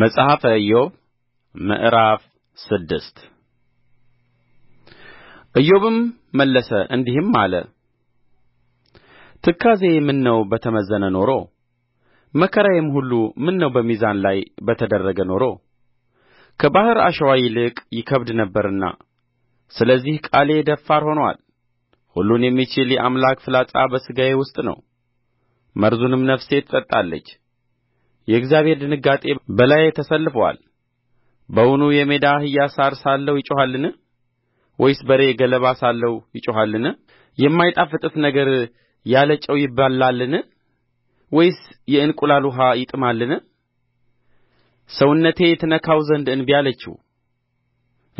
መጽሐፈ ኢዮብ ምዕራፍ ስድስት ኢዮብም መለሰ እንዲህም አለ ትካዜዬ ምነው በተመዘነ ኖሮ መከራዬም ሁሉ ምነው በሚዛን ላይ በተደረገ ኖሮ ከባሕር አሸዋ ይልቅ ይከብድ ነበርና ስለዚህ ቃሌ ደፋር ሆኖአል ሁሉን የሚችል የአምላክ ፍላጻ በሥጋዬ ውስጥ ነው መርዙንም ነፍሴ ትጠጣለች የእግዚአብሔር ድንጋጤ በላዬ ተሰልፎአል በውኑ የሜዳ አህያ ሣር ሳለው ይጮኻልን ወይስ በሬ ገለባ ሳለው ይጮኻልን የማይጣፍጥስ ነገር ያለ ጨው ይበላልን ወይስ የእንቁላል ውኃ ይጥማልን ሰውነቴ ትነካው ዘንድ እንቢ አለችው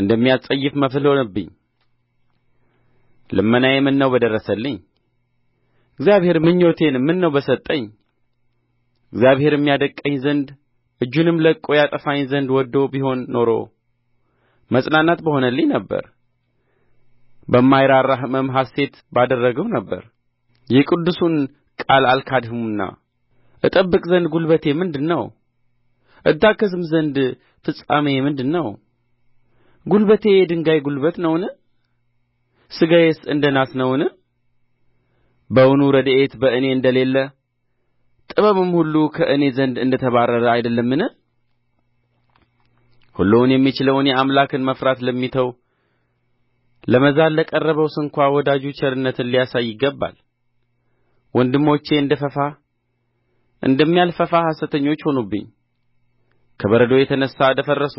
እንደሚያስጸይፍ መብል ሆነብኝ ልመናዬ ምነው በደረሰልኝ እግዚአብሔር ምኞቴን ምነው በሰጠኝ እግዚአብሔርም ያደቅቀኝ ዘንድ እጁንም ለቅቆ ያጠፋኝ ዘንድ ወድዶ ቢሆን ኖሮ መጽናናት በሆነልኝ ነበር በማይራራ ሕመም ሐሤት ባደረግሁ ነበር የቅዱሱን ቃል አልካድሁምና እጠብቅ ዘንድ ጕልበቴ ምንድር ነው እታገሥም ዘንድ ፍጻሜዬ ምንድር ነው ጕልበቴ የድንጋይ ጕልበት ነውን ሥጋዬስ እንደ ናስ ነውን በውኑ ረድኤት በእኔ እንደሌለ ጥበብም ሁሉ ከእኔ ዘንድ እንደ ተባረረ አይደለምን ሁሉን የሚችለውን የአምላክን መፍራት ለሚተው ለመዛል ለቀረበው ስንኳ ወዳጁ ቸርነትን ሊያሳይ ይገባል ወንድሞቼ እንደ ፈፋ እንደሚያልፍ ፈፋ ሐሰተኞች ሆኑብኝ ከበረዶ የተነሣ ደፈረሱ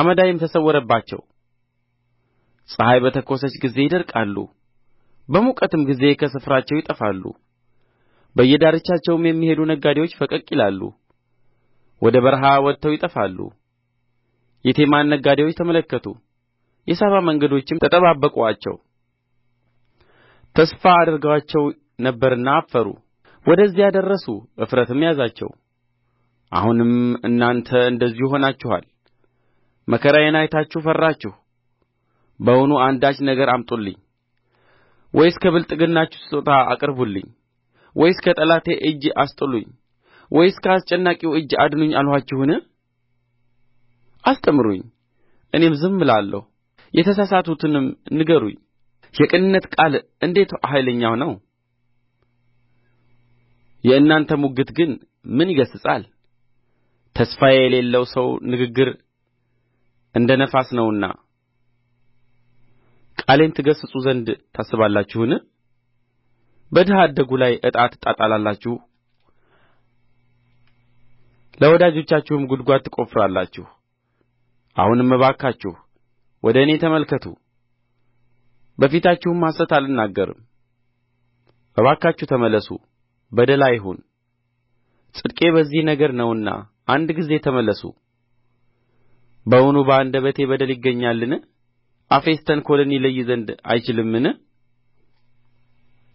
አመዳይም ተሰወረባቸው ፀሐይ በተኰሰች ጊዜ ይደርቃሉ በሙቀትም ጊዜ ከስፍራቸው ይጠፋሉ በየዳርቻቸውም የሚሄዱ ነጋዴዎች ፈቀቅ ይላሉ ወደ በረሃ ወጥተው ይጠፋሉ የቴማን ነጋዴዎች ተመለከቱ የሳባ መንገዶችም ተጠባበቁአቸው ተስፋ አድርገዋቸው ነበርና አፈሩ ወደዚያ ደረሱ እፍረትም ያዛቸው አሁንም እናንተ እንደዚሁ ሆናችኋል መከራዬን አይታችሁ ፈራችሁ በውኑ አንዳች ነገር አምጡልኝ ወይስ ከብልጥግናችሁ ስጦታ አቅርቡልኝ ወይስ ከጠላቴ እጅ አስጥሉኝ ወይስ ከአስጨናቂው እጅ አድኑኝ አልኋችሁን አስተምሩኝ እኔም ዝም እላለሁ የተሳሳቱትንም ንገሩኝ የቅንነት ቃል እንዴት ኃይለኛ ነው የእናንተ ሙግት ግን ምን ይገሥጻል ተስፋዬ የሌለው ሰው ንግግር እንደ ነፋስ ነውና ቃሌን ትገሥጹ ዘንድ ታስባላችሁን በድሀ አደጉ ላይ ዕጣ ትጣጣላላችሁ ለወዳጆቻችሁም ጕድጓድ ትቈፍራላችሁ አሁንም እባካችሁ ወደ እኔ ተመልከቱ በፊታችሁም ሐሰት አልናገርም እባካችሁ ተመለሱ በደል አይሁን ጽድቄ በዚህ ነገር ነውና አንድ ጊዜ ተመለሱ በውኑ በአንደበቴ በደል ይገኛልን አፌስ ተንኰልን ይለይ ዘንድ አይችልምን